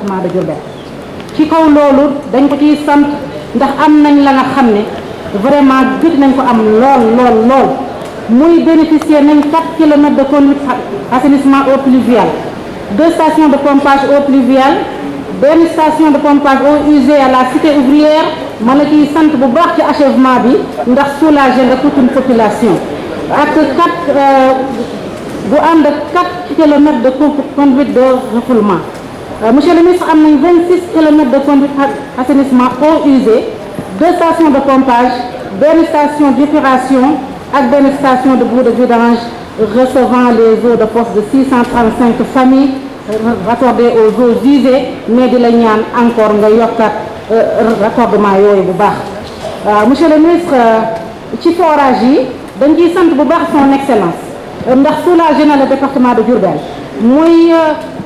département de Diourbel ci kaw loolu dañ ko ci sante ndax am nañ la nga xamné vraiment gëj nañ ko am lool lool lool muy bénéficier nañ 4 km de conduite assainissement eau pluviale deux stations de pompage eau pluviale benn stations de pompage eau usée à la cité ouvrière ma la ciy sant bu baax ci achèvement bi ndax soulager nga toute une population ak 4 euh, bu ànd ak 4 kilomètres de conduite de refoulement euh, monsieur le ministre am 26 km de conduite assainissement eau usée deux stations de pompage deux stations d'épuration avec deux stations de boue de vidange recevant les eaux de force de 635 familles euh, raccordées aux eaux usées mais de la ñaan encore nga yokkat euh, raccordement maillot et baax monsieur le ministre ci forage yi dañ ciy que bu baax son excellence ndax soulagé générale le département de Diourbel muy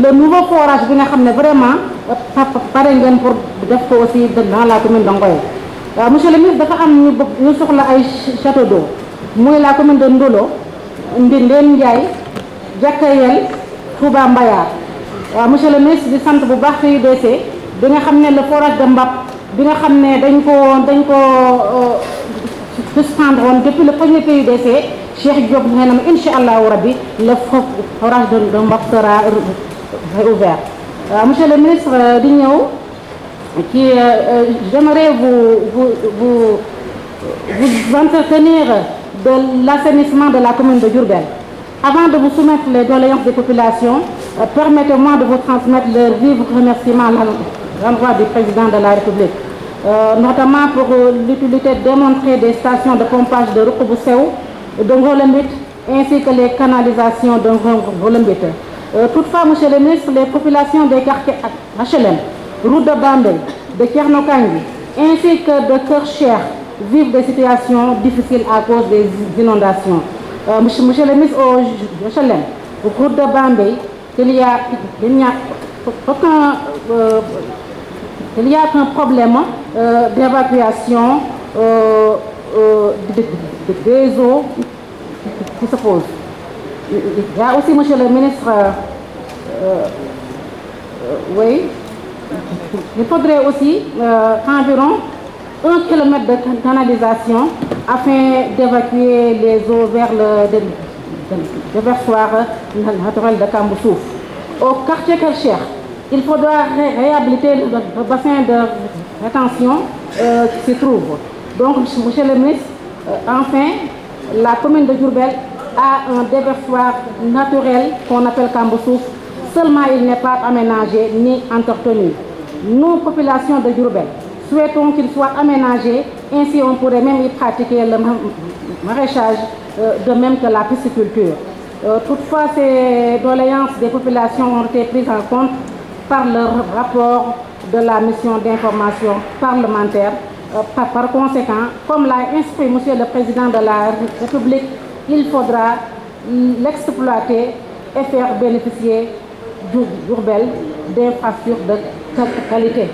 la nouveau forage bi nga xam ne vraiment pare ngeen pour def ko aussi dans la commune de Ngoye waaw monsieur le ministre dafa am ñu bëgg ñu soxla ay château d'eau muy la commune de Ndolo Ndindeen Ndiaye Jakayel Touba Mbayar waaw monsieur le ministre di sant bu baax PUDC bi nga xam ne le forage de Mbap bi nga xam ne dañ ko dañ ko euh, suspendre woon depuis le premier PUDC Cheikh Diop nee na ma incha allahu rabbi le forage de Mbap sera ouvert. Euh, monsieur le ministre euh, Dignao, qui euh, j'aimerais vous, entretenir de l'assainissement de la commune de Durbel. Avant de vous soumettre les doléances des populations, permettez-moi de vous transmettre le vif remerciement à l'endroit du président de la République. notamment pour l'utilité démontrée des stations de pompage de Rukubuseu, de Ngolembit, ainsi que les canalisations de Ngolembit. Euh, toutefois, Monsieur le ministre, les populations des quartiers HLM, route de Bambay, de Kernokangi, ainsi que de Kercher vivent des situations difficiles à cause des inondations. Euh, monsieur, le ministre, au HLM, au route de Bambay, il n'y a, aucun... Euh, y a un problème euh, d'évacuation des eaux qui se posent. Il y a aussi, monsieur le ministre, euh, euh, oui, il faudrait aussi euh, environ un kilomètre de canalisation afin d'évacuer les eaux vers le, déversoir naturel de Kamboussouf. Au quartier Kercher, il faudra réhabiliter le, bassin de rétention qui se trouve. Donc, monsieur le ministre, enfin, la commune de Jourbel à un déversoir naturel qu'on appelle Cambousouf. Seulement, il n'est pas aménagé ni entretenu. Nous, population de Yurbel, souhaitons qu'il soit aménagé. Ainsi, on pourrait même y pratiquer le maraîchage, euh, de même que la pisciculture. Euh, toutefois, ces doléances des populations ont été prises en compte par le rapport de la mission d'information parlementaire. Euh, par, conséquent, comme l'a inscrit M. le Président de la République il faudra mm, l'exploiter et faire bénéficier des d'infrastructures de qualité.